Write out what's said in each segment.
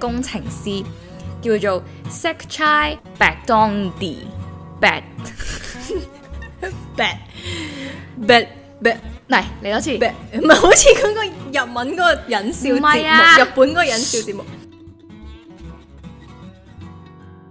工程師叫做 Sakchai Baktondi，bad bad bad bad，嚟嚟多次。唔係好似嗰個日文嗰個忍笑節目，日本嗰個忍笑節目。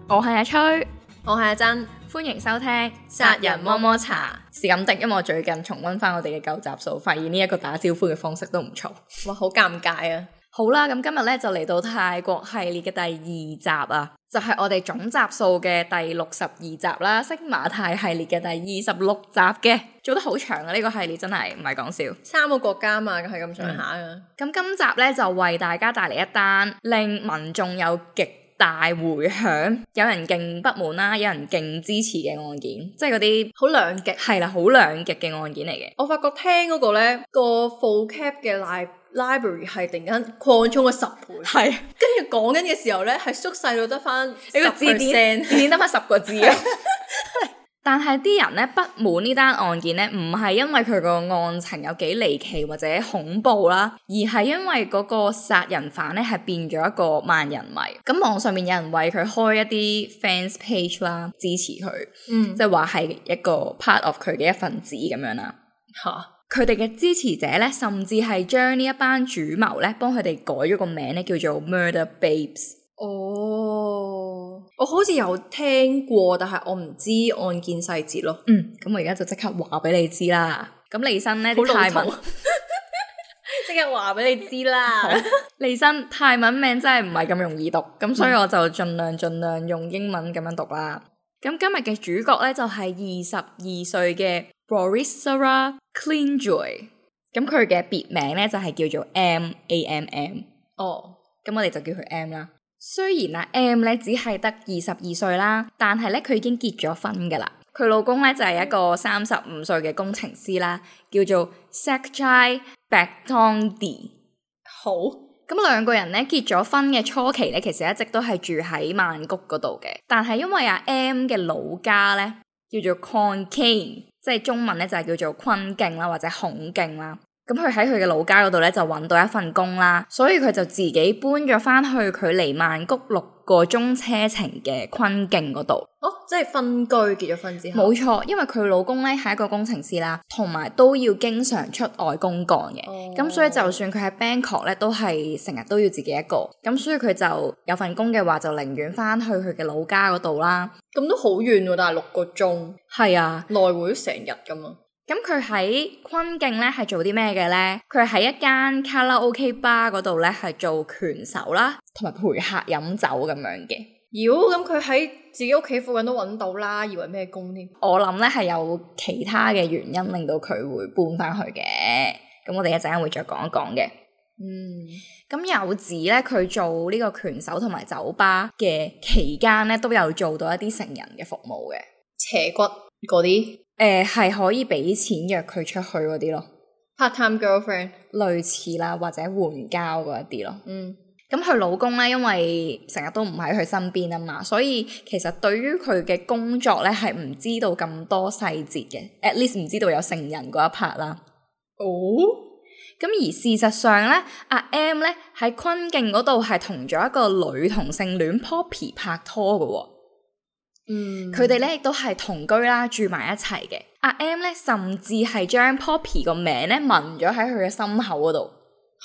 我係阿崔，我係阿珍，歡迎收聽《殺人摸摸茶》。是咁的，因為我最近重溫翻我哋嘅舊集數，發現呢一個打招呼嘅方式都唔錯。哇，好尷尬啊！好啦，咁今日咧就嚟到泰國系列嘅第二集啊，就係、是、我哋總集數嘅第六十二集啦、啊，星馬泰系列嘅第二十六集嘅，做得好長啊！呢、這個系列真係唔係講笑，三個國家啊嘛，係咁上下啊。咁、嗯、今集咧就為大家帶嚟一單令民眾有極大回響，有人勁不滿啦、啊，有人勁支持嘅案件，即係嗰啲好兩極，係啦，好兩極嘅案件嚟嘅。我發覺聽嗰個咧、那個副 cap 嘅 live。library 係突然間擴充咗十倍，係跟住講緊嘅時候咧，係縮細到得翻呢個字典， 字典得翻十個字。但係啲人咧不滿呢單案件咧，唔係因為佢個案情有幾離奇或者恐怖啦，而係因為嗰個殺人犯咧係變咗一個萬人迷。咁網上面有人為佢開一啲 fans page 啦，支持佢，嗯，即係話係一個 part of 佢嘅一份子咁樣啦，吓。 佢哋嘅支持者咧，甚至係將呢一班主謀咧，幫佢哋改咗個名咧，叫做 Murder Babes。哦，oh, 我好似有聽過，但係我唔知案件細節咯。嗯，咁我而家就即刻話俾你知啦。咁黎生咧啲泰文，即 刻話俾你知啦。黎生 泰文名真係唔係咁容易讀，咁 所以我就盡量盡量用英文咁樣讀啦。咁今日嘅主角咧就係二十二歲嘅 Borisara Cleanjoy，咁佢嘅別名咧就係叫做 MAMM，哦，咁我哋就叫佢 M 啦。雖然啊 M 咧只係得二十二歲啦，但係咧佢已經結咗婚噶啦，佢老公咧就係一個三十五歲嘅工程師啦，叫做 Sakchai Baktondi。好。咁兩個人咧結咗婚嘅初期咧，其實一直都係住喺曼谷嗰度嘅。但係因為阿 M 嘅老家咧，叫做 Khon Kaen，即係中文咧就係、是、叫做坤敬啦，king，或者孔敬啦。咁佢喺佢嘅老家嗰度咧，就揾到一份工啦，所以佢就自己搬咗翻去佢離曼谷六個鐘車程嘅坤徑嗰度。哦，即係分居，結咗婚之後。冇錯，因為佢老公咧係一個工程師啦，同埋都要經常出外公幹嘅。哦。咁所以就算佢喺 Bangkok 咧，都係成日都要自己一個。咁所以佢就有份工嘅話，就寧願翻去佢嘅老家嗰度啦。咁都好遠喎，但係六個鐘。係啊，來回成日咁啊。咁佢喺坤鏡咧係做啲咩嘅咧？佢喺一間卡拉 OK 吧嗰度咧係做拳手啦，同埋陪客飲酒咁樣嘅。妖，咁佢喺自己屋企附近都揾到啦，以為咩工添？我諗咧係有其他嘅原因令到佢會搬翻去嘅。咁我哋一陣會再講一講嘅。嗯，咁有指咧佢做呢個拳手同埋酒吧嘅期間咧都有做到一啲成人嘅服務嘅。邪骨。嗰啲誒係可以畀錢約佢出去嗰啲咯，part time girlfriend 類似啦，或者換交嗰一啲咯。嗯，咁佢老公咧，因為成日都唔喺佢身邊啊嘛，所以其實對於佢嘅工作咧係唔知道咁多細節嘅，at least 唔知道有成人嗰一 part 啦。哦，咁而事實上咧，阿、啊、M 咧喺坤境嗰度係同咗一個女同性戀 Poppy 拍拖㗎。嗯，佢哋咧亦都係同居啦，住埋一齊嘅。阿 M 咧甚至係將 Poppy 個名咧紋咗喺佢嘅心口嗰度。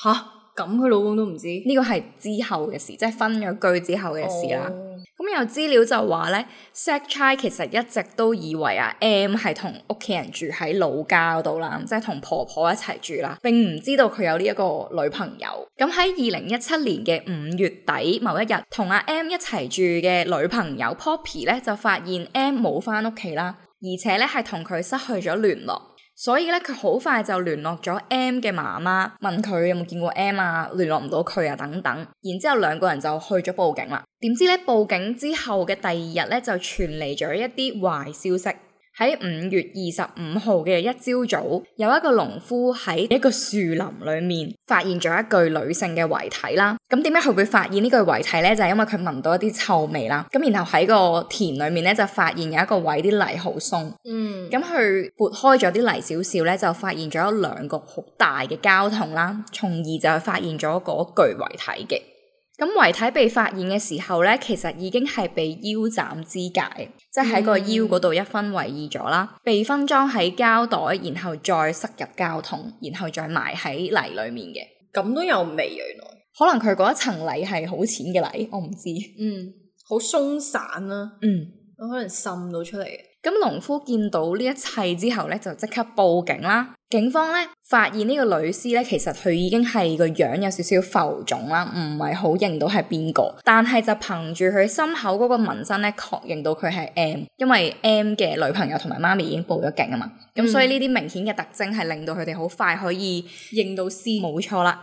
吓，咁佢老公都唔知？呢個係之後嘅事，即係分咗居之後嘅事啦。哦咁有資料就話呢 Sachai 其實一直都以為啊，M 係同屋企人住喺老家度啦，即係同婆婆一齊住啦，並唔知道佢有呢一個女朋友。咁喺二零一七年嘅五月底某一日，同阿 M 一齊住嘅女朋友 Poppy 呢，就發現 M 冇翻屋企啦，而且呢係同佢失去咗聯絡。所以呢，佢好快就聯絡咗 M 嘅媽媽，問佢有冇見過 M 啊，聯絡唔到佢啊，等等。然之後兩個人就去咗報警啦。點知呢，報警之後嘅第二日呢，就傳嚟咗一啲壞消息。喺五月二十五號嘅一朝早，有一個農夫喺一個樹林裏面發現咗一具女性嘅遺體啦。咁點解佢會發現呢具遺體咧？就係因為佢聞到一啲臭味啦。咁然後喺個田裏面咧，就發現有一個位啲泥好鬆，嗯，咁佢撥開咗啲泥少少咧，就發現咗兩個好大嘅膠桶啦，從而就係發現咗嗰具遺體嘅。咁遺體被發現嘅時候咧，其實已經係被腰斬肢解，嗯、即係喺個腰嗰度一分為二咗啦，嗯、被分裝喺膠袋，然後再塞入膠桶，然後再埋喺泥裏面嘅。咁都有味，原來可能佢嗰一層泥係好淺嘅泥，我唔知。嗯，好鬆散啊。嗯，我可能滲到出嚟。咁農夫見到呢一切之後咧，就即刻報警啦。警方咧發現呢個女屍咧，其實佢已經係個樣有少少浮腫啦，唔係好認到係邊個。但係就憑住佢心口嗰個紋身咧，確認到佢係 M，因為 M 嘅女朋友同埋媽咪已經報咗警啊嘛。咁、嗯、所以呢啲明顯嘅特徵係令到佢哋好快可以認到屍，冇錯啦。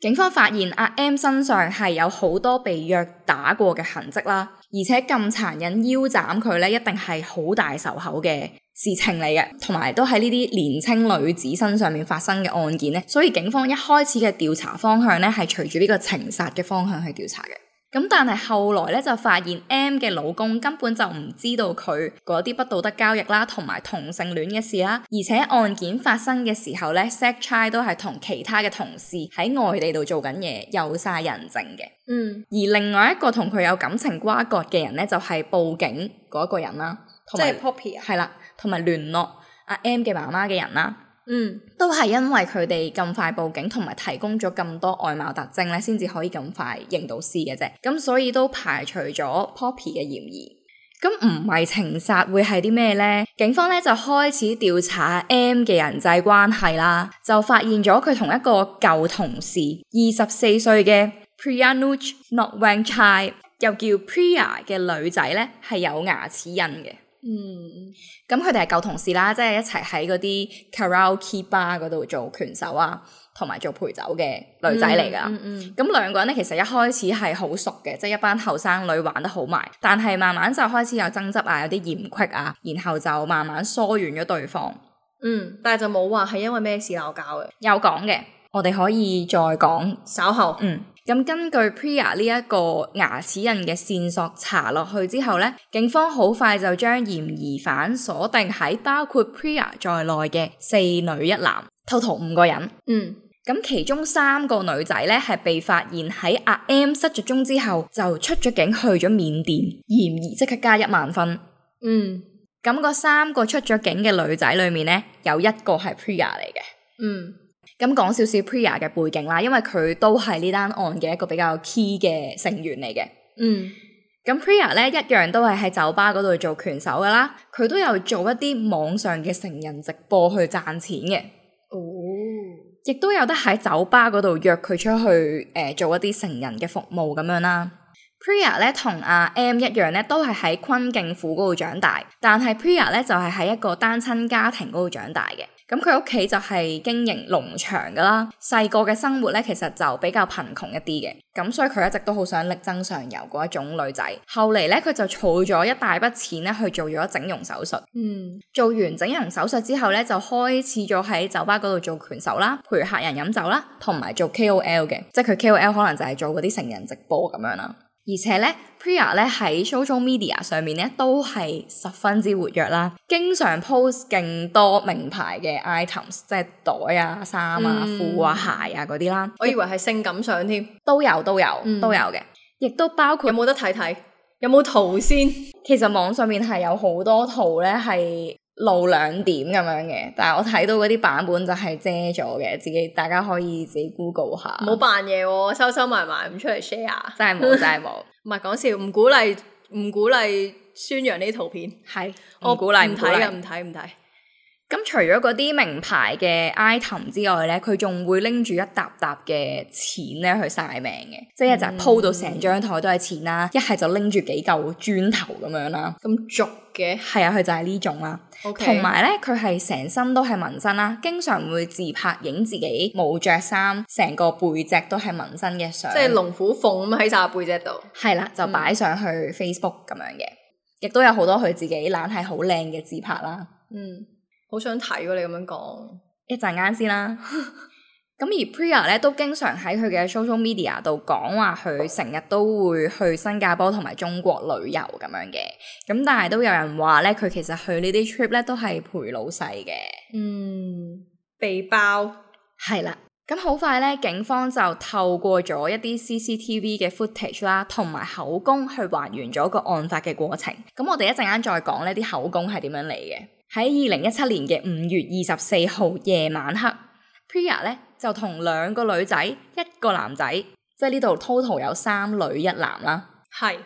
警方發現阿 M 身上係有好多被虐打過嘅痕跡啦，而且咁殘忍腰斬佢咧，一定係好大仇口嘅事情嚟嘅，同埋都喺呢啲年輕女子身上面發生嘅案件咧，所以警方一開始嘅調查方向咧，係隨住呢個情殺嘅方向去調查嘅。咁但係後來咧就發現 M 嘅老公根本就唔知道佢嗰啲不道德交易啦，同埋同性戀嘅事啦。而且案件發生嘅時候咧，set 差都係同其他嘅同事喺外地度做緊嘢，有晒人證嘅。嗯。而另外一個同佢有感情瓜葛嘅人咧，就係、是、報警嗰一個人啦。即係 Poppie。係啦，同埋聯絡阿 M 嘅媽媽嘅人啦。嗯，都係因為佢哋咁快報警同埋提供咗咁多外貌特徵咧，先至可以咁快認到屍嘅啫。咁所以都排除咗 Poppy 嘅嫌疑。咁唔係情殺會係啲咩呢？警方咧就開始調查 M 嘅人際關係啦，就發現咗佢同一個舊同事，二十四歲嘅 Preeyanuch Nonwangchai 又叫 Priya 嘅女仔咧，係有牙齒印嘅。嗯，咁佢哋係舊同事啦，即係一齊喺嗰啲 karaoke bar 嗰度做拳手啊，同埋做陪酒嘅女仔嚟噶。咁兩、嗯嗯嗯、個人咧，其實一開始係好熟嘅，即係一班後生女玩得好埋。但係慢慢就開始有爭執啊，有啲嫌隙啊，然後就慢慢疏遠咗對方。嗯，但係就冇話係因為咩事鬧交嘅，有講嘅，我哋可以再講，稍後嗯。咁根據 Pria 呢一個牙齒印嘅線索查落去之後咧，警方好快就將嫌疑犯鎖定喺包括 Pria 在內嘅四女一男，統共五個人。嗯，咁其中三個女仔咧係被發現喺阿 M 失咗蹤之後就出咗境去咗緬甸，嫌疑即刻加一萬分。嗯，咁嗰三個出咗境嘅女仔裡面咧有一個係 Pria 嚟嘅。嗯。咁講少少 Pria 嘅背景啦，因為佢都係呢單案嘅一個比較 key 嘅成員嚟嘅。嗯，咁 Pria 咧一樣都係喺酒吧嗰度做拳手㗎啦，佢都有做一啲網上嘅成人直播去賺錢嘅。哦，亦都有得喺酒吧嗰度約佢出去誒、呃、做一啲成人嘅服務咁樣啦。Pria 咧同阿、啊、M 一樣咧，都係喺坤敬府嗰度長大，但係 Pria 咧就係、是、喺一個單親家庭嗰度長大嘅。咁佢屋企就係經營農場噶啦，細個嘅生活咧其實就比較貧窮一啲嘅，咁所以佢一直都好想力爭上游嗰一種女仔。後嚟咧佢就儲咗一大筆錢咧去做咗整容手術，嗯，做完整容手術之後咧就開始咗喺酒吧嗰度做拳手啦，陪客人飲酒啦，同埋做 KOL 嘅，即係佢 KOL 可能就係做嗰啲成人直播咁樣啦。而且咧，Priya 咧喺 social media 上面咧都係十分之活躍啦，經常 post 勁多名牌嘅 items 即係袋啊、衫啊,、嗯、啊、褲啊、鞋啊嗰啲啦。我以為係性感相添，都有都有都有嘅，嗯、亦都包括有冇得睇睇，有冇圖先？ 其實網上面係有好多圖咧，係。露兩點咁樣嘅，但係我睇到嗰啲版本就係遮咗嘅，自己大家可以自己 Google 下。唔好扮嘢喎，收收埋埋唔出嚟 share。真係冇， 真係冇。唔係講笑，唔鼓勵，唔鼓勵宣揚呢啲圖片。係，唔，我唔鼓勵唔睇嘅，唔睇唔睇。咁、啊、除咗嗰啲名牌嘅 item 之外呢，佢仲會拎住一沓沓嘅錢咧去晒命嘅，即係就鋪到成張台都係錢啦，一係就拎住幾嚿磚頭咁樣啦。咁俗嘅係啊，佢、嗯、就係呢、啊啊、種啦、啊。同埋 Okay. 呢，佢係成身都係紋身啦、啊，經常會自拍影自己冇着衫，成個背脊都係紋身嘅相。即係龍虎鳳咁喺晒背脊度。係啦、嗯啊，就擺上去 Facebook 咁樣嘅，亦都有好多佢自己懶係好靚嘅自拍啦、啊。嗯。好想睇喎！你咁樣講一陣間先啦。咁 而 Priya 咧都經常喺佢嘅 social media 度講話，佢成日都會去新加坡同埋中國旅遊咁樣嘅。咁但係都有人話咧，佢其實去呢啲 trip 咧都係陪老細嘅。嗯，被包係啦。咁好快咧，警方就透過咗一啲 CCTV 嘅 footage 啦，同埋口供去還原咗個案發嘅過程。咁我哋一陣間再講呢啲口供係點樣嚟嘅。喺二零一七年嘅五月二十四號夜晚黑，Priya 咧就同兩個女仔、一個男仔，即係呢度 total 有三女一男啦，係是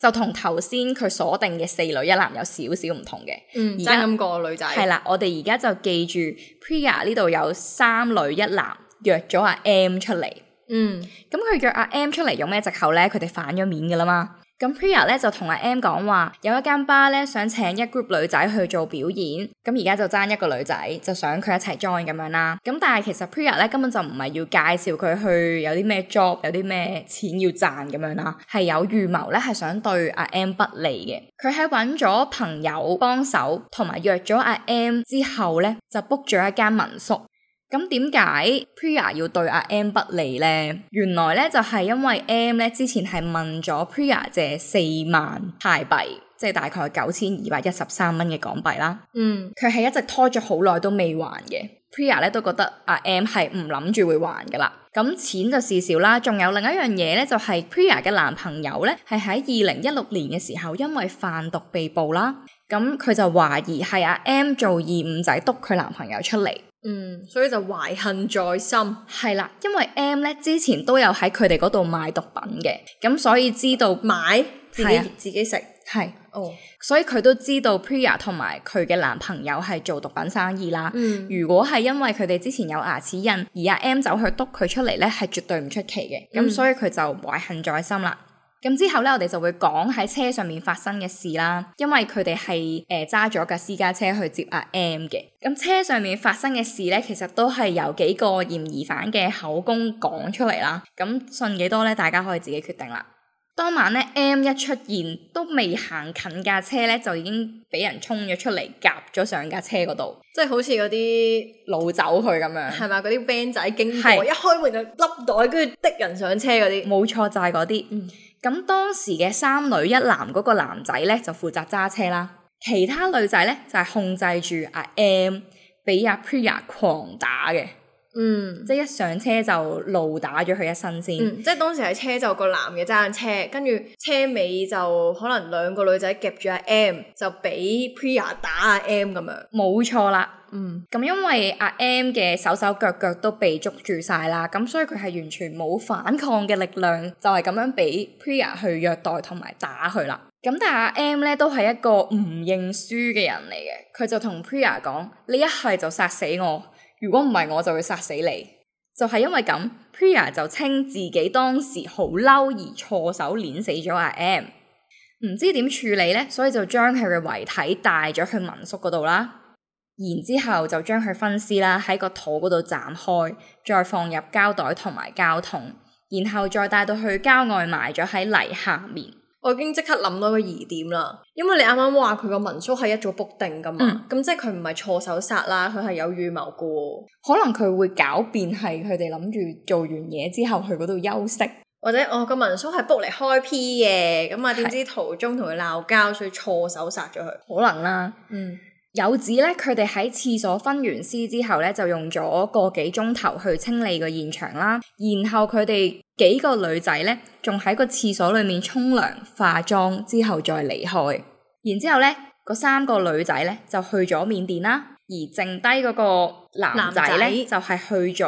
就同頭先佢鎖定嘅四女一男有少少唔同嘅。嗯，而家咁個女仔係啦，我哋而家就記住 Priya 呢度有三女一男約咗阿 M 出嚟。嗯，咁佢約阿 M 出嚟用咩藉口咧？佢哋反咗面噶啦嘛。咁 Pria 咧就同阿 M 講話，有一間 bar 咧想請一 group 女仔去做表演，咁而家就爭一個女仔，就想佢一齊 join 咁樣啦。咁但係其實 Pria 咧根本就唔係要介紹佢去有啲咩 job，有啲咩錢要賺咁樣啦，係有預謀咧係想對阿 M 不利嘅。佢喺揾咗朋友幫手，同埋約咗阿 M 之後咧，就 book 咗一間民宿。咁點解 Priya 要對阿 M 不利呢？原來呢，就係、是、因為 M 咧之前係問咗 Priya 借四萬泰幣，即係大概九千二百一十三蚊嘅港幣啦。嗯，佢係一直拖咗好耐都未還嘅。Priya 呢都覺得阿 M 係唔諗住會還噶啦。咁錢就事少啦，仲有另一樣嘢呢，就係、是、Priya 嘅男朋友呢係喺二零一六年嘅時候因為販毒被捕啦。咁佢就懷疑係阿 M 做二五仔，督佢男朋友出嚟。嗯，所以就懷恨在心，係啦，因為 M 咧之前都有喺佢哋嗰度買毒品嘅，咁所以知道買自己的自己食，係哦的，oh. 所以佢都知道 Pria 同埋佢嘅男朋友係做毒品生意啦。嗯，如果係因為佢哋之前有牙齒印，而阿 M 走去督佢出嚟咧，係絕對唔出奇嘅。咁、嗯、所以佢就懷恨在心啦。咁之後咧，我哋就會講喺車上面發生嘅事啦。因為佢哋係誒揸咗架私家車去接阿 M 嘅。咁車上面發生嘅事咧，其實都係由幾個嫌疑犯嘅口供講出嚟，啦。咁信幾多咧，大家可以自己決定啦。當晚咧，M 一出現都未行近架車咧，就已經俾人衝咗出嚟夾咗上架車嗰度，即係好似嗰啲老走去咁樣，係咪？嗰啲 van 仔經過是一開門就笠袋，跟住的人上車嗰啲，冇錯就係嗰啲。嗯咁當時嘅三女一男嗰個男仔咧就負責揸車啦，其他女仔咧就係、是、控制住阿 M 俾阿 Priya 狂打嘅。嗯，即係一上車就怒打咗佢一身先，嗯，即係當時喺車就個男嘅揸緊車，跟住車尾就可能兩個女仔夾住阿 M，就俾 Pria 打阿 M 咁樣。冇錯啦，嗯，咁因為阿 M 嘅手手腳腳都被捉住晒啦，咁所以佢係完全冇反抗嘅力量，就係、是、咁樣俾 Pria 去虐待同埋打佢啦。咁但係阿 M 咧都係一個唔認輸嘅人嚟嘅，佢就同 Pria 講：你一係就殺死我。如果唔係，我就會殺死你。就係、是、因為咁，Pia 就稱自己當時好嬲而錯手碾死咗阿 M，唔知點處理呢？所以就將佢嘅遺體帶咗去民宿嗰度啦。然之後就將佢分屍啦，喺個肚嗰度斬開，再放入膠袋同埋膠桶，然後再帶到去郊外埋咗喺泥下面。我已經即刻諗到個疑點啦，因為你啱啱話佢個民宿係一早 book 定噶嘛，咁、嗯、即係佢唔係錯手殺啦，佢係有預謀噶，可能佢會狡辯係佢哋諗住做完嘢之後去嗰度休息，或者我個民宿係 book 嚟開 P 嘅，咁啊點知途中同佢鬧交，所以錯手殺咗佢，是可能啦。嗯，有指咧，佢哋喺廁所分完屍之後咧，就用咗個幾鐘頭去清理個現場啦，然後佢哋。幾個女仔咧，仲喺個廁所裏面沖涼化妝之後再離開，然之後咧，嗰三個女仔咧就去咗緬甸啦，而剩低嗰個男仔咧生就係去咗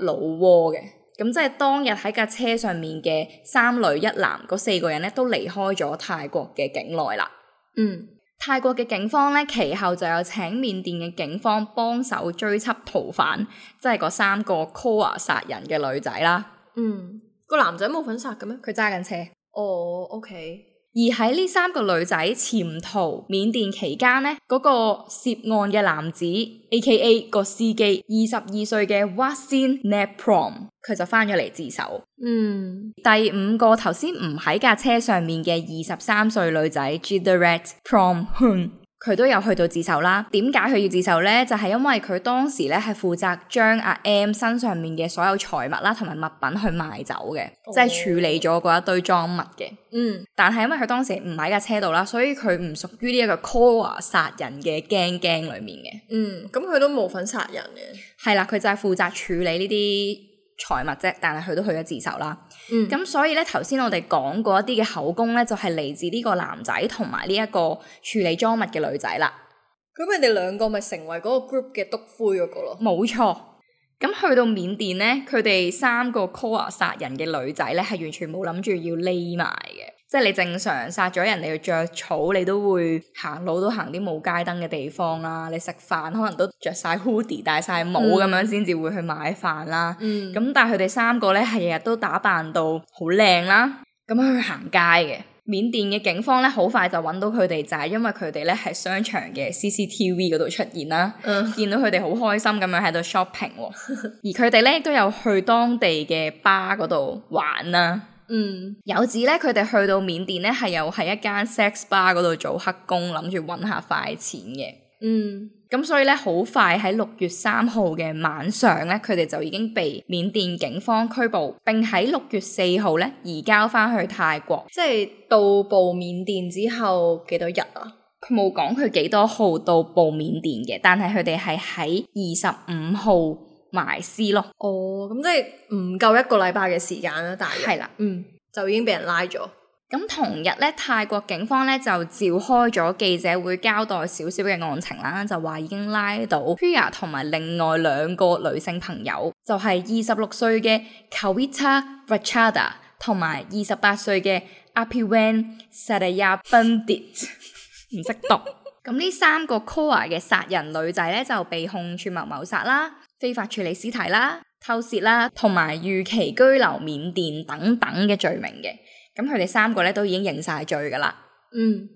老撾嘅。咁即係當日喺架車上面嘅三女一男嗰四個人咧都離開咗泰國嘅境內啦。嗯，泰國嘅警方咧其後就有請緬甸嘅警方幫手追緝逃犯，即係嗰三個 KOL 殺人嘅女仔啦。嗯。個男仔冇粉絲嘅咩？佢揸緊車。哦，OK。而喺呢三個女仔潛逃緬甸期間呢，嗰個涉案嘅男子 A K A 個司機二十二歲嘅 Watson Naprom，佢就翻咗嚟自首。嗯，第五個頭先唔喺架車上面嘅二十三歲女仔 Jedrett Prom Hun。佢都有去到自首啦。點解佢要自首呢？就係、是、因為佢當時咧係負責將阿 M 身上面嘅所有財物啦同埋物品去賣走嘅，oh. 即係處理咗嗰一堆贓物嘅。嗯，mm. 但係因為佢當時唔喺架車度啦，所以佢唔屬於呢一個 Call 殺人嘅 gang gang 裡面嘅。Mm. 嗯，咁佢都冇份殺人嘅。係啦，佢就係負責處理呢啲財物啫，但係佢都去咗自首啦。咁、嗯、所以咧，頭先我哋講過一啲嘅口供咧，就係、是、嚟自呢個男仔同埋呢一個處理贓物嘅女仔啦。咁佢哋兩個咪成為嗰個 group 嘅督灰嗰個咯？冇錯。咁去到緬甸咧，佢哋三個 call 殺人嘅女仔咧，係完全冇諗住要匿埋嘅。即係你正常殺咗人，你要着草，你都會行路都行啲冇街燈嘅地方啦。你食飯可能都着晒 hoodie，戴晒帽咁樣先至會去買飯啦。咁、嗯、但係佢哋三個咧係日日都打扮到好靚啦，咁去行街嘅。緬甸嘅警方咧，好快就揾到佢哋，就係、是、因為佢哋咧喺商場嘅 CCTV 嗰度出現啦，嗯、見到佢哋好開心咁樣喺度 shopping，而佢哋咧都有去當地嘅吧嗰度玩啦。嗯，有指咧，佢哋去到緬甸咧，係又喺一間 sex bar 嗰度做黑工，諗住揾下快錢嘅。嗯，咁所以咧，好快喺六月三號嘅晚上咧，佢哋就已經被緬甸警方拘捕，並喺六月四號咧移交翻去泰國。即係到埗緬甸之後幾多日啊？佢冇講佢幾多號到埗緬甸嘅，但係佢哋係喺二十五號。埋屍咯。哦，咁即係唔夠一個禮拜嘅時間啦。但係係啦，嗯，就已經俾人拉咗。咁同日咧，泰國警方咧就召開咗記者會，交代少少嘅案情啦。就話已經拉到 Pia 同埋另外兩個女性朋友，就係二十六歲嘅 Kawita Rachada 同埋二十八歲嘅 Apiwen Saraya Bandit。唔識讀，咁呢三個 KOL 嘅殺人女仔咧，就被控串謀謀殺啦。非法處理屍體啦、偷竊啦、同埋逾期居留緬甸等等嘅罪名嘅，咁佢哋三個咧都已經認晒罪噶啦。嗯，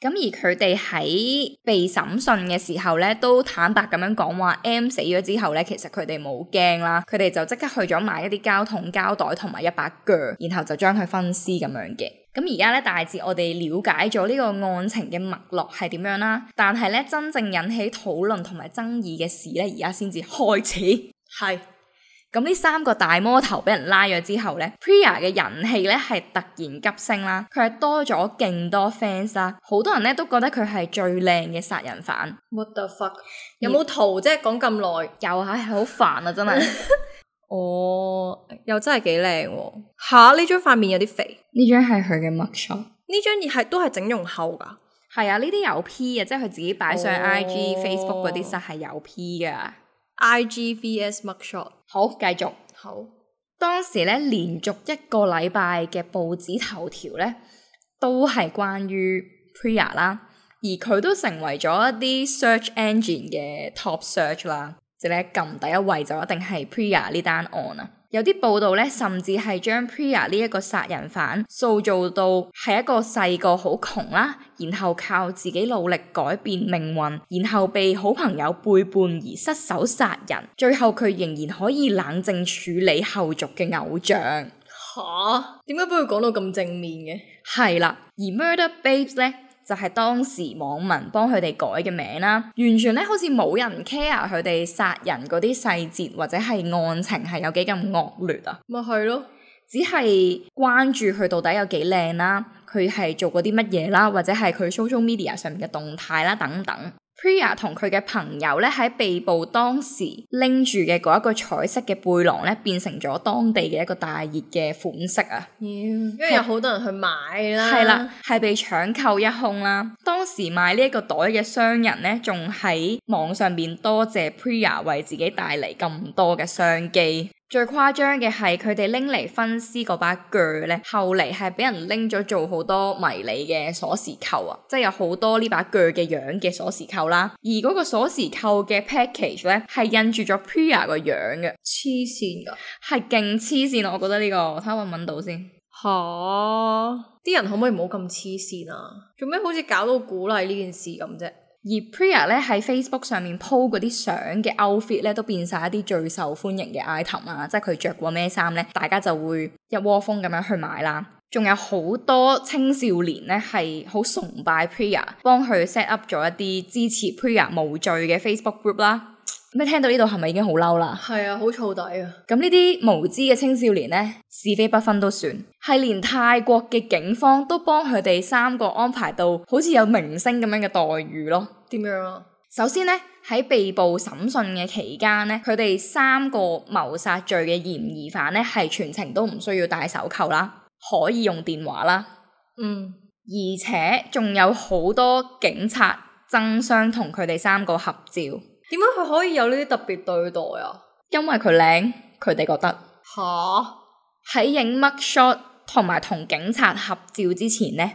咁而佢哋喺被審訊嘅時候咧，都坦白咁樣講話，M 死咗之後咧，其實佢哋冇驚啦，佢哋就即刻去咗買一啲膠桶、膠袋同埋一把鋸，然後就將佢分屍咁樣嘅。咁而家咧，大致我哋了解咗呢個案情嘅脈絡係點樣啦，但係咧真正引起討論同埋爭議嘅事咧，而家先至開始。係是，咁呢三個大魔頭俾人拉咗之後咧，Priya 嘅人氣咧係突然急升啦，佢係多咗勁多 fans 啦，好多人咧都覺得佢係最靚嘅殺人犯。What the fuck？而有冇圖啫？講咁耐，又係、哎、好煩啊！真係。 哦，又真係幾靚吓！呢張塊面有啲肥，呢張係佢嘅 mark shot，呢張亦係都係整容後噶。係啊，呢啲有 P 嘅，即係佢自己擺上 IG、哦、Facebook 嗰啲晒係有 P 噶。IGVS mark shot，好，繼續。好，當時咧連續一個禮拜嘅報紙頭條咧，都係關於 Priya 啦，而佢都成為咗一啲 search engine 嘅 top search 啦。咧撳第一位就一定係 Pria 呢單案啊！有啲報道咧，甚至係將 Pria 呢一個殺人犯塑造到係一個細個好窮啦，然後靠自己努力改變命運，然後被好朋友背叛而失手殺人，最後佢仍然可以冷靜處理後續嘅偶像。吓？點解俾佢講到咁正面嘅？係啦，而 Murder Babes 咧。就係當時網民幫佢哋改嘅名啦，完全咧好似冇人 care 佢哋殺人嗰啲細節或者係案情係有幾咁惡劣啊？咪係咯，只係關注佢到底有幾靚啦，佢係做過啲乜嘢啦，或者係佢 social media 上面嘅動態啦等等。Pria 同佢嘅朋友咧喺被捕當時拎住嘅嗰一個彩色嘅背囊咧，變成咗當地嘅一個大熱嘅款式啊！Yeah. 因為有好多人去買啦，係啦，係被搶購一空啦。當時賣呢一個袋嘅商人咧，仲喺網上面多謝 Pria 為自己帶嚟咁多嘅商機。最誇張嘅係佢哋拎嚟分屍嗰把鋸咧，後嚟係俾人拎咗做好多迷你嘅鎖匙扣，匙扣，匙扣啊！即係有好多呢把鋸嘅樣嘅鎖匙扣啦。而嗰個鎖匙扣嘅 package 咧，係印住咗 Pria 嘅樣嘅，黐線噶，係勁黐線咯！我覺得呢、這個睇下搵唔搵到先吓。啲、啊、人可唔可以唔好咁黐線啊？做咩好似搞到鼓勵呢件事咁啫？而 Priya 咧喺 Facebook 上面 po 嗰啲相嘅 outfit 咧，都變晒一啲最受歡迎嘅 item 啊！即係佢着過咩衫咧，大家就會一窩蜂咁樣去買啦。仲有好多青少年咧係好崇拜 Priya，幫佢 set up 咗一啲支持 Priya 無罪嘅 Facebook group 啦。咩？聽到呢度係咪已經好嬲啦？係啊，好燥底啊！咁呢啲無知嘅青少年呢，是非不分都算，係連泰國嘅警方都幫佢哋三個安排到好似有明星咁樣嘅待遇咯。點樣啊？首先呢，喺被捕審訊嘅期間呢，佢哋三個謀殺罪嘅嫌疑犯呢，係全程都唔需要戴手銬啦，可以用電話啦。嗯，而且仲有好多警察爭相同佢哋三個合照。點解佢可以有呢啲特別對待啊？因為佢靚，佢哋覺得吓喺影 mug shot 同埋同警察合照之前呢，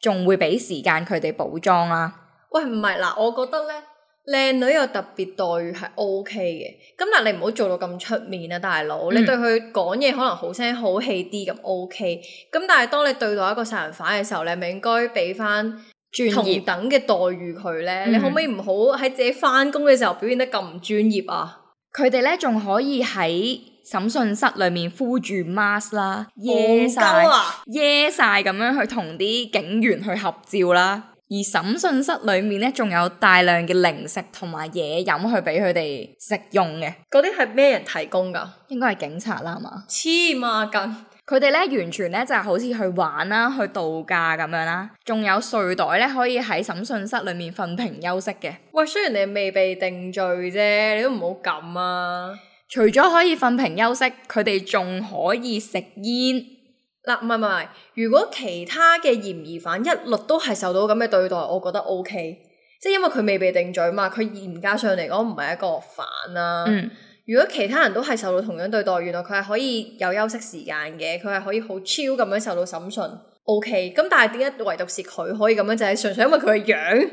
仲會俾時間佢哋補妝啦。喂，唔係嗱，我覺得呢，靚女有特別待遇係 OK 嘅。咁但係你唔好做到咁出面啊，大佬。嗯、你對佢講嘢可能好聲好氣啲咁 OK，咁但係當你對待一個殺人犯嘅時候，你咪應該俾翻？同等等嘅待遇佢呢，嗯、你可唔可以唔好喺自己返工嘅時候表現得咁唔專業啊？佢哋呢，仲可以喺審訊室裏面敷住 mask 啦，耶晒、哦，耶晒咁樣去同啲警員去合照啦。而審訊室裏面咧，仲有大量嘅零食同埋嘢飲去俾佢哋食用嘅。嗰啲係咩人提供噶？應該係警察啦，係嘛？黐孖筋！佢哋咧完全咧就係好似去玩啦，去度假咁樣啦。仲有睡袋咧，可以喺審訊室裏面瞓平休息嘅。喂，雖然你未被定罪啫，你都唔好咁啊！除咗可以瞓平休息，佢哋仲可以食煙。嗱，唔係唔係，如果其他嘅嫌疑犯一律都係受到咁嘅對待，我覺得 OK，即係因為佢未被定罪嘛，佢嚴格上嚟講唔係一個犯啦。嗯，如果其他人都係受到同樣對待，原來佢係可以有休息時間嘅，佢係可以好 chill 咁樣受到審訊。OK，咁但係點解唯獨是佢可以咁樣，就係純粹因為佢嘅樣。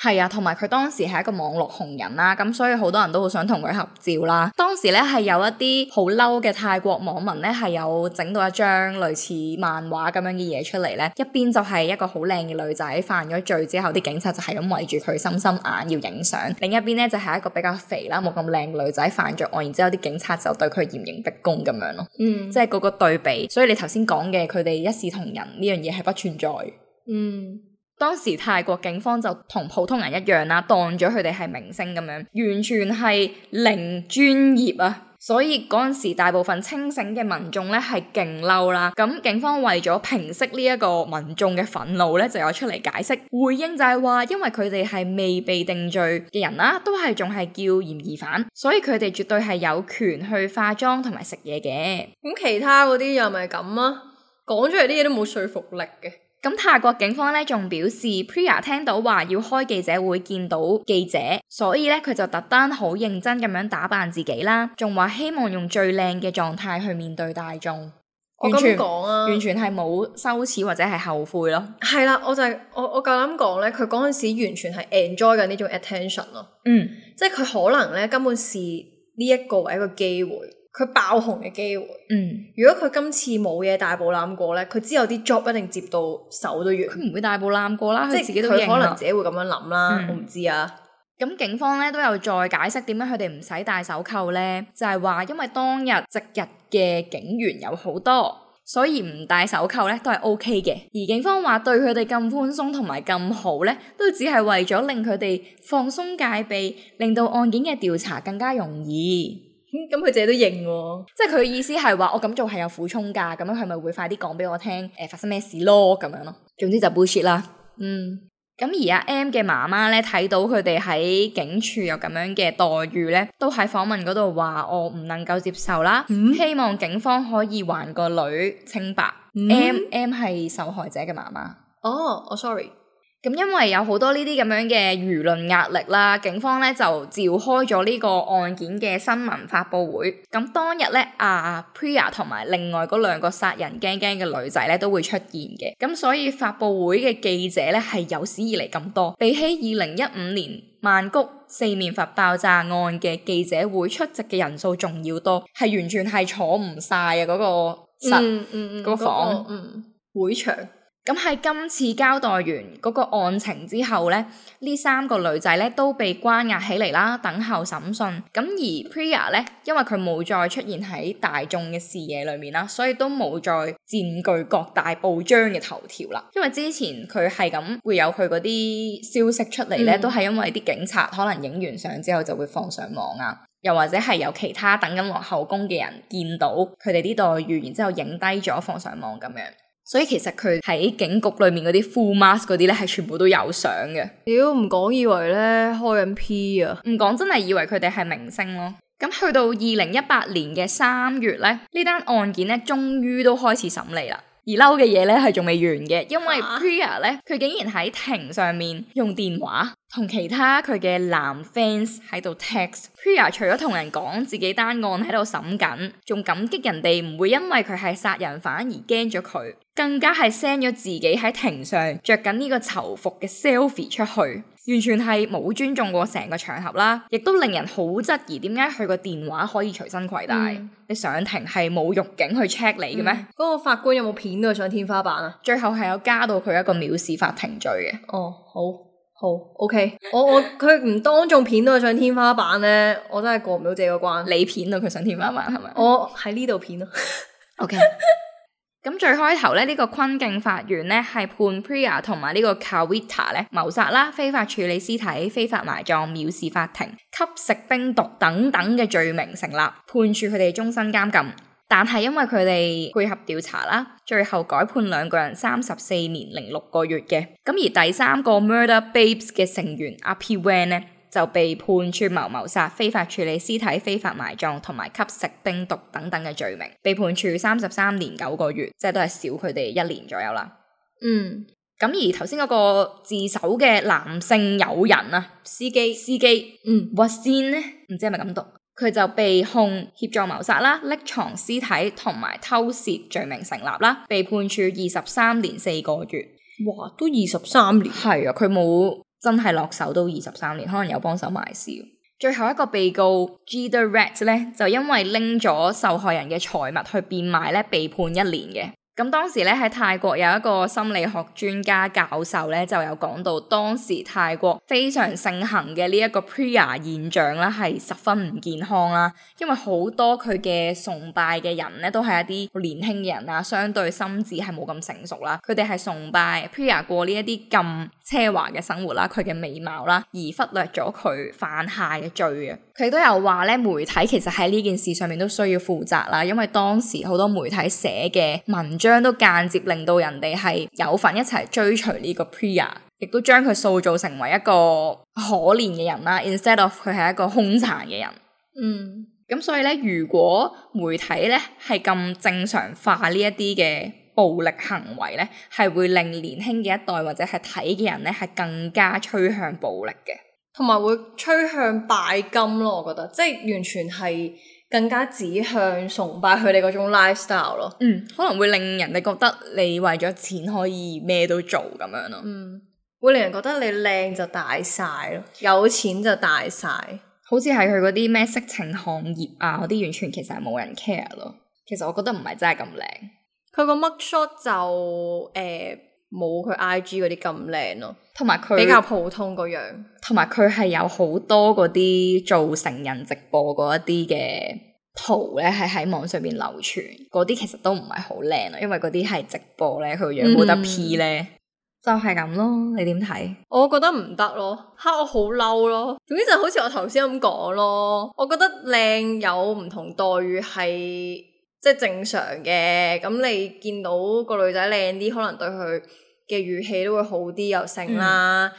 係啊，同埋佢當時係一個網絡紅人啦，咁所以好多人都好想同佢合照啦。當時咧係有一啲好嬲嘅泰國網民咧，係有整到一張類似漫畫咁樣嘅嘢出嚟咧，一邊就係一個好靚嘅女仔犯咗罪之後，啲警察就係咁圍住佢心心眼要影相；另一邊咧就係一個比較肥啦、冇咁靚嘅女仔犯咗案，然之後啲警察就對佢嚴刑逼供咁樣咯。嗯，即係個個對比，所以你頭先講嘅佢哋一視同仁呢樣嘢係不存在。嗯。當時泰國警方就同普通人一樣啦，當咗佢哋係明星咁樣，完全係零專業啊！所以嗰陣時大部分清醒嘅民眾咧係勁嬲啦。咁警方為咗平息呢一個民眾嘅憤怒咧，就有出嚟解釋，回應就係話，因為佢哋係未被定罪嘅人啦，都係仲係叫嫌疑犯，所以佢哋絕對係有權去化妝同埋食嘢嘅。咁其他嗰啲又咪咁啊？講出嚟啲嘢都冇說服力嘅。咁泰國警方咧仲表示 Pria 聽到話要開記者會，見到記者，所以咧佢就特登好認真咁樣打扮自己啦，仲話希望用最靚嘅狀態去面對大眾。我咁講啊，完全係冇羞恥或者係後悔咯。係啦，我就係我，我夠膽講咧，佢嗰陣時完全係 enjoy 緊呢種 attention 咯。嗯，即係佢可能咧根本視呢一個為一個機會。佢爆紅嘅機會，嗯，如果佢今次冇嘢大步攬過咧，佢之後啲 job 一定接到手都軟。佢唔會大步攬過啦，即係佢可能自己會咁樣諗啦，嗯、我唔知啊。咁警方咧都有再解釋點解佢哋唔使戴手扣咧，就係話因為當日值日嘅警員有好多，所以唔戴手扣咧都係 OK 嘅。而警方話對佢哋咁寬鬆同埋咁好咧，都只係為咗令佢哋放鬆戒備，令到案件嘅調查更加容易。咁佢 自己都認、哦，即係佢意思係話我咁做係有苦衷噶，咁樣佢咪會快啲講俾我聽，誒、呃，發生咩事咯，咁樣咯。總之就 bullshit 啦。嗯，咁而家 M 嘅媽媽咧，睇到佢哋喺警署有咁樣嘅待遇咧，都喺訪問嗰度話我唔能夠接受啦，嗯、希望警方可以還個女清白。嗯、M M 係受害者嘅媽媽。哦，我 sorry。咁因為有好多呢啲咁樣嘅輿論壓力啦，警方咧就召開咗呢個案件嘅新聞發布會。咁當日咧，阿、啊、Pria 同埋另外嗰兩個殺人驚驚嘅女仔咧都會出現嘅。咁所以發布會嘅記者咧係有史以嚟咁多，比起二零一五年曼谷四面佛爆炸案嘅記者會出席嘅人數仲要多，係完全係坐唔晒啊！嗰、那個室嗯嗯、那個那個、嗯個房嗯會場。咁喺今次交代完嗰個案情之後咧，呢三個女仔咧都被關押起嚟啦，等候審訊。咁而 Pria 咧，因為佢冇再出現喺大眾嘅視野裏面啦，所以都冇再佔據各大報章嘅頭條啦。因為之前佢係咁會有佢嗰啲消息出嚟咧，嗯、都係因為啲警察可能影完相之後就會放上網啊，又或者係有其他等緊落後宮嘅人見到佢哋呢啲待遇，然之後影低咗放上網咁樣。所以其實佢喺警局裏面嗰啲 full mask 嗰啲咧，係全部都有相嘅。屌，唔講，以為咧開緊 P 啊，唔講真係以為佢哋係明星咯。咁去到二零一八年嘅三月咧，呢單案件呢，終於都開始審理啦。而嬲嘅嘢咧係仲未完嘅，因為 Priya 咧，佢竟然喺庭上面用電話。同其他佢嘅男 fans 喺度 text，Hear 除咗同人講自己單案喺度審緊，仲感激人哋唔會因為佢係殺人犯而驚咗佢，更加係 send 咗自己喺庭上着緊呢個囚服嘅 selfie 出去，完全係冇尊重過成個場合啦，亦都令人好質疑點解佢個電話可以隨身攜帶？嗯、你上庭係冇獄警去 check 你嘅咩？嗰、嗯嗰個法官有冇片到上天花板啊？最後係有加到佢一個藐視法庭罪嘅。哦，好。好、oh，OK，我我佢唔當眾片到佢上天花板咧，我真係過唔到這個關。你片啊，佢上天花板係咪？ 吧我喺呢度片咯。 OK，咁最開頭咧，呢、這個坤敬法院咧，係判 Priya 同埋呢個 Kawita 咧謀殺啦、非法處理屍體、非法埋葬、藐視法庭、吸食冰毒等等嘅罪名成立，判處佢哋終身監禁。但係因為佢哋配合調查啦，最後改判兩個人三十四年零六個月嘅。咁而第三個 murder babes 嘅成員阿 P Wayne 呢，就被判處謀謀殺、非法處理屍體、非法埋葬同埋吸食冰毒等等嘅罪名，被判處三十三年九個月，即係都係少佢哋一年左右啦。嗯。咁而頭先嗰個自首嘅男性友人啊，司機司機，嗯，Watson 呢？唔知係咪咁讀？佢就被控協助謀殺啦、匿藏屍體同埋偷竊罪名成立啦，被判處二十三年四個月。哇，都二十三年？係啊，佢冇真係落手都二十三年，可能有幫手埋屍。最後一個被告 Gedret 咧，就因為拎咗受害人嘅財物去變賣咧，被判一年嘅。咁當時咧喺泰國有一個心理學專家教授咧，就有講到當時泰國非常盛行嘅呢一個 Praya 現象啦，係十分唔健康啦。因為好多佢嘅崇拜嘅人咧，都係一啲年輕嘅人啊，相對心智係冇咁成熟啦。佢哋係崇拜 Praya 過呢一啲咁奢華嘅生活啦，佢嘅美貌啦，而忽略咗佢犯下嘅罪啊。佢都有話咧，媒體其實喺呢件事上面都需要負責啦，因為當時好多媒體寫嘅文。將都間接令到人哋係有份一齊追隨呢個 Pra，亦都將佢塑造成為一個可憐嘅人啦。Instead of 佢係一個兇殘嘅人。嗯，咁所以呢，如果媒體呢係咁正常化呢一啲嘅暴力行為呢，係會令年輕嘅一代或者係睇嘅人呢係更加趨向暴力嘅，同埋會趨向拜金咯。我覺得，即係完全係。更加指向崇拜佢哋嗰種 lifestyle 咯，嗯，可能會令人哋覺得你為咗錢可以咩都做咁樣咯，嗯，會令人覺得你靚就大晒咯，有錢就大晒，好似係佢嗰啲咩色情行業啊，嗰啲完全其實係冇人 care 咯，其實我覺得唔係真係咁靚，佢個 mug shot 就誒。欸冇佢 IG 嗰啲咁靚咯，同埋佢比較普通個樣，同埋佢係有好多嗰啲做成人直播嗰一啲嘅圖咧，係喺網上邊流傳，嗰啲其實都唔係好靚咯，因為嗰啲係直播咧，佢個樣冇得 P 咧，嗯、就係咁咯。你點睇？我覺得唔得咯，吓我好嬲咯。總之就好似我頭先咁講咯，我覺得靚有唔同待遇係。即係正常嘅，咁你見到個女仔靚啲，可能對佢嘅語氣都會好啲，又剩啦，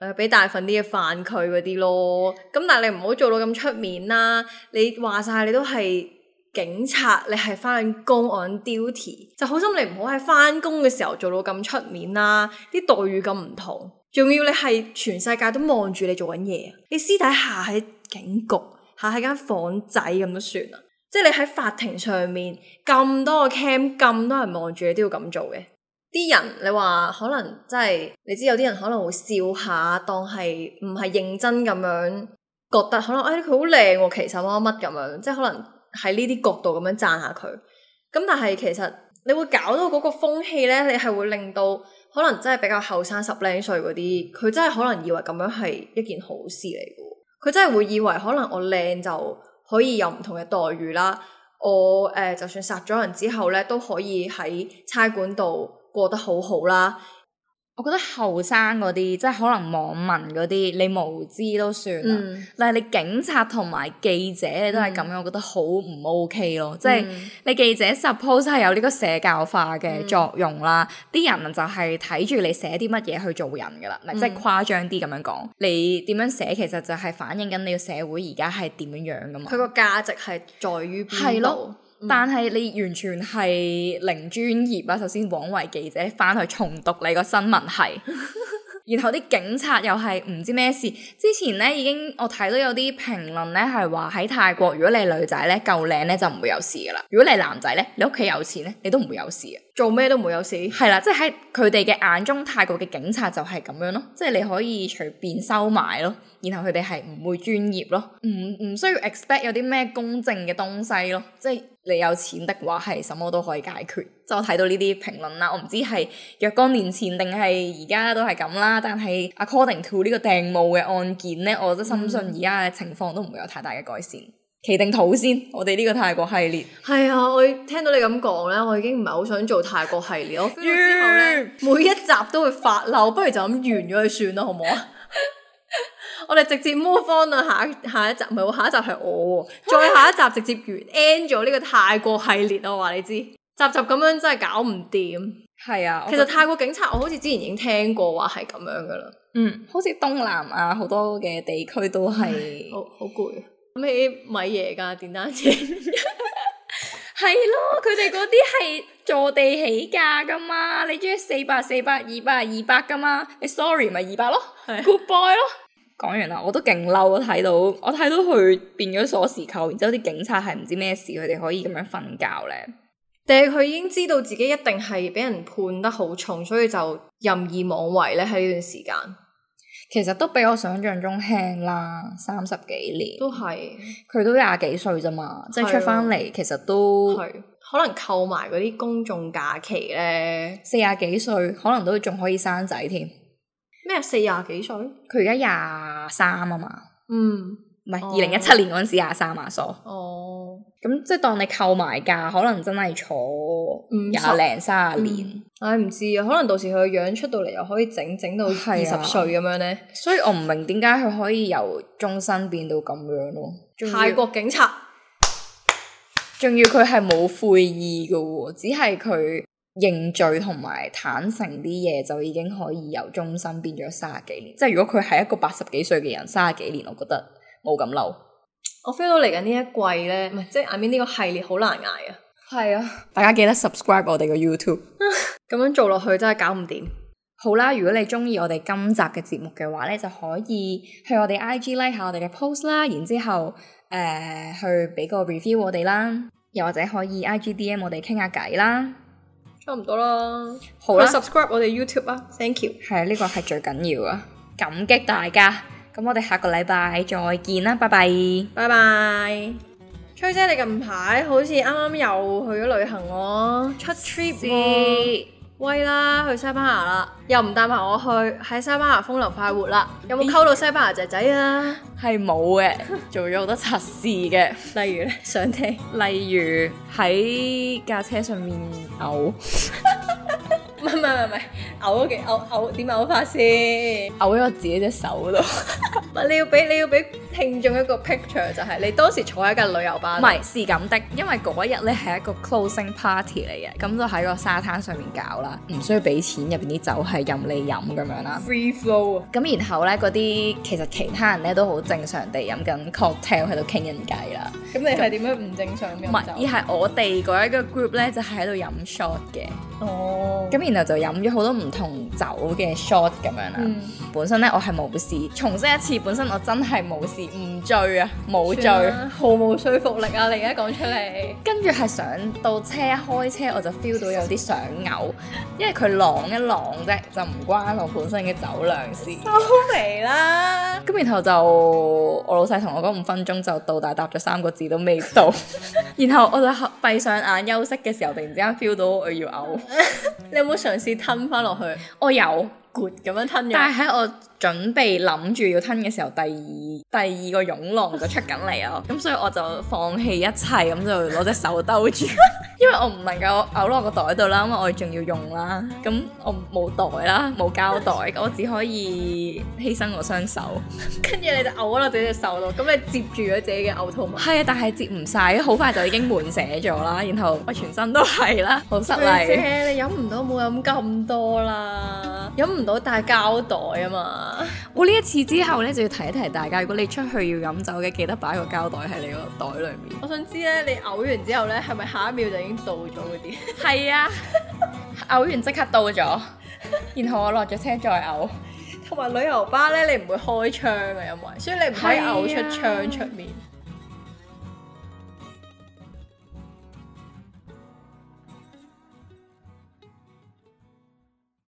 誒俾、嗯、呃、大份啲嘅飯佢嗰啲咯。咁但係你唔好做到咁出面啦，你話晒你都係警察，你係翻工 on duty，就好心你唔好喺翻工嘅時候做到咁出面啦。啲待遇咁唔同，仲要你係全世界都望住你做緊嘢，你私底下喺警局，下喺間房仔咁都算啊。即係你喺法庭上面咁多個 cam，咁多人望住你都要咁做嘅。啲人你話可能真係你知有啲人可能會笑下，當係唔係認真咁樣覺得可能誒佢好靚，其實乜乜咁樣，即係可能喺呢啲角度咁樣讚下佢。咁但係其實你會搞到嗰個風氣咧，你係會令到可能真係比較後生十零歲嗰啲，佢真係可能以為咁樣係一件好事嚟嘅。佢真係會以為可能我靚就。可以有唔同嘅待遇啦，我誒、呃，就算殺咗人之後咧，都可以喺差館度過得好好啦。我覺得後生嗰啲，即係可能網民嗰啲，你無知都算啦。嗯、但係你警察同埋記者，你都係咁樣，嗯、我覺得好唔 OK 咯。嗯、即係你記者，suppose 係有呢個社交化嘅作用啦。啲、嗯、人就係睇住你寫啲乜嘢去做人噶啦，唔即係誇張啲咁樣講。你點樣寫，其實就係反映緊你個社會而家係點樣樣噶嘛。佢個價值係在於邊度？但係你完全係零專業啊！首先枉為記者，翻去重讀你個新聞係。 然後啲警察又係唔知咩事，之前咧已經我睇到有啲評論咧係話喺泰國，如果你女仔咧夠靚咧就唔會有事噶啦，如果你男仔咧你屋企有錢咧你都唔會有事嘅，做咩都唔會有事。係啦，即係喺佢哋嘅眼中泰國嘅警察就係咁樣咯，即係你可以隨便收買咯，然後佢哋係唔會專業咯，唔唔需要 expect 有啲咩公正嘅東西咯，即係你有錢的話係什麼都可以解決。就睇到呢啲評論啦，我唔知係若干年前定係而家都係咁啦。但係 According to 呢個訂務嘅案件呢，我都深信而家嘅情況都唔會有太大嘅改善。企、嗯、定土先，我哋呢個泰國系列係啊！我聽到你咁講呢，我已經唔係好想做泰國系列咯。之後呢， 每一集都會發嬲，不如就咁完咗佢算啦，好唔好啊？ 我哋直接 move on 到下一下一集，唔係下一集係我喎。再下一集直接完，end 咗呢個泰國系列啊！我話你知。集集咁樣真係搞唔掂，係啊。其實泰國警察我好似之前已經聽過話係咁樣噶啦，嗯，好似東南亞、嗯、好多嘅地區都係好好攰。咩米嘢噶電單車？係咯，佢哋嗰啲係坐地起價噶嘛？你中意四百、四百、二百、二百噶嘛？你 sorry 咪二百咯，goodbye 咯。講、啊、完啦，我都勁嬲，我睇到我睇到佢變咗鎖匙扣，然之後啲警察係唔知咩事，佢哋可以咁樣瞓覺咧。定係佢已經知道自己一定係俾人判得好重，所以就任意妄為咧喺呢段時間。其實都比我想象中輕啦，三十幾年。都係是佢都廿幾歲啫嘛，即係出翻嚟，其實都的可能扣埋嗰啲公眾假期咧。四廿幾歲，可能都仲可以生仔添。咩？四廿幾歲？佢而家廿三啊嘛。嗯。唔係二零一七年嗰陣時廿三啊，歲哦，咁即係當你扣埋價，可能真係坐廿零卅年。唉、嗯，唔、哎、知啊，可能到時佢個樣出到嚟，又可以整整到二十歲咁樣咧。啊、所以我唔明點解佢可以由終身變到咁樣咯。仲要泰國警察，仲要佢係冇悔意噶，只係佢認罪同埋坦誠啲嘢，就已經可以由終身變咗卅幾年。即係如果佢係一個八十幾歲嘅人，卅幾年，我覺得。冇咁嬲，我 feel 到嚟緊呢一季咧，唔係即係，I mean 呢個系列好難挨啊！係啊，大家記得 subscribe 我哋個 YouTube，咁 樣做落去真係搞唔掂。好啦，如果你中意我哋今集嘅節目嘅話咧，就可以去我哋 IG like 下我哋嘅 post 啦，然之後誒、呃、去俾個 review 我哋啦，又或者可以 IG DM 我哋傾下偈啦，差唔多啦。好啦，subscribe 我哋 YouTube 啊，thank you。係啊，呢、這個係最緊要啊，感激大家。咁我哋下個禮拜再見啦，拜拜，拜拜。崔姐你近排好似啱啱又去咗旅行喎、哦，出 trip 喎，喂事啦，去西班牙啦，又唔帶埋我去喺西班牙風流快活啦，有冇溝到西班牙仔仔啊？係冇嘅， 做咗好多測試嘅，例如咧想聽，例如喺架車上面嘔，唔係唔係唔係唔係。嘔嘅嘔嘔點嘔法先？嘔咗喺我自己隻手度。 你要俾你要俾聽眾一個 picture 就係你當時坐喺架旅遊巴，唔係是咁的，因為嗰一日咧係一個 closing party 嚟嘅，咁就喺個沙灘上面搞啦，唔需要俾錢，入邊啲酒係任你飲咁樣啦，free flow 啊。咁然後咧嗰啲其實其他人咧都好正常地飲緊 cocktail 喺度傾緊偈啦。咁你係點樣唔正常嘅？唔係，而係我哋嗰一個 group 咧就係喺度飲 shot 嘅。哦。咁然後就飲咗好多唔～同酒嘅 shot 咁樣啦，嗯、本身呢，我係冇事，重申一次，本身我真係冇事，唔醉啊，冇醉，了毫無說服力啊！你而家講出嚟，跟住係上到車開車，我就 feel 到有啲想嘔，因為佢浪一浪啫，就唔關我本身嘅酒量事，好味啦。咁 然後就我老細同我講五分鐘就到，大係答咗三個字都未到。 然後我就閉上眼休息嘅時候，突然之間 feel 到我要嘔。 你有冇嘗試吞返落去？我有。咁樣吞，但係喺我準備諗住要吞嘅時候，第二第二個湧浪就出緊嚟，哦，咁 所以我就放棄一切，咁就攞隻手兜住， 因為我唔能夠嘔落個袋度啦，因為我仲要用啦，咁我冇袋啦，冇膠袋，我只可以犧牲我雙手，跟 住你就嘔落自己隻手度，咁你接住咗自己嘅嘔吐物，係啊， 但係接唔晒，好快就已經滿瀉咗啦，然後我、哎、全身都係啦，好失禮，你飲唔到冇飲咁多啦，飲。 唔到帶膠袋啊嘛！我呢、哦、一次之後呢，就要提一提大家，如果你出去要飲酒嘅，記得擺個膠袋喺你個袋裏面。我想知呢，你嘔完之後呢，係咪下一秒就已經到咗嗰啲？係啊，嘔完即刻到咗，然後我落咗車再嘔。同埋 旅遊巴呢，你唔會開窗嘅，因為所以你唔可以嘔出窗出面。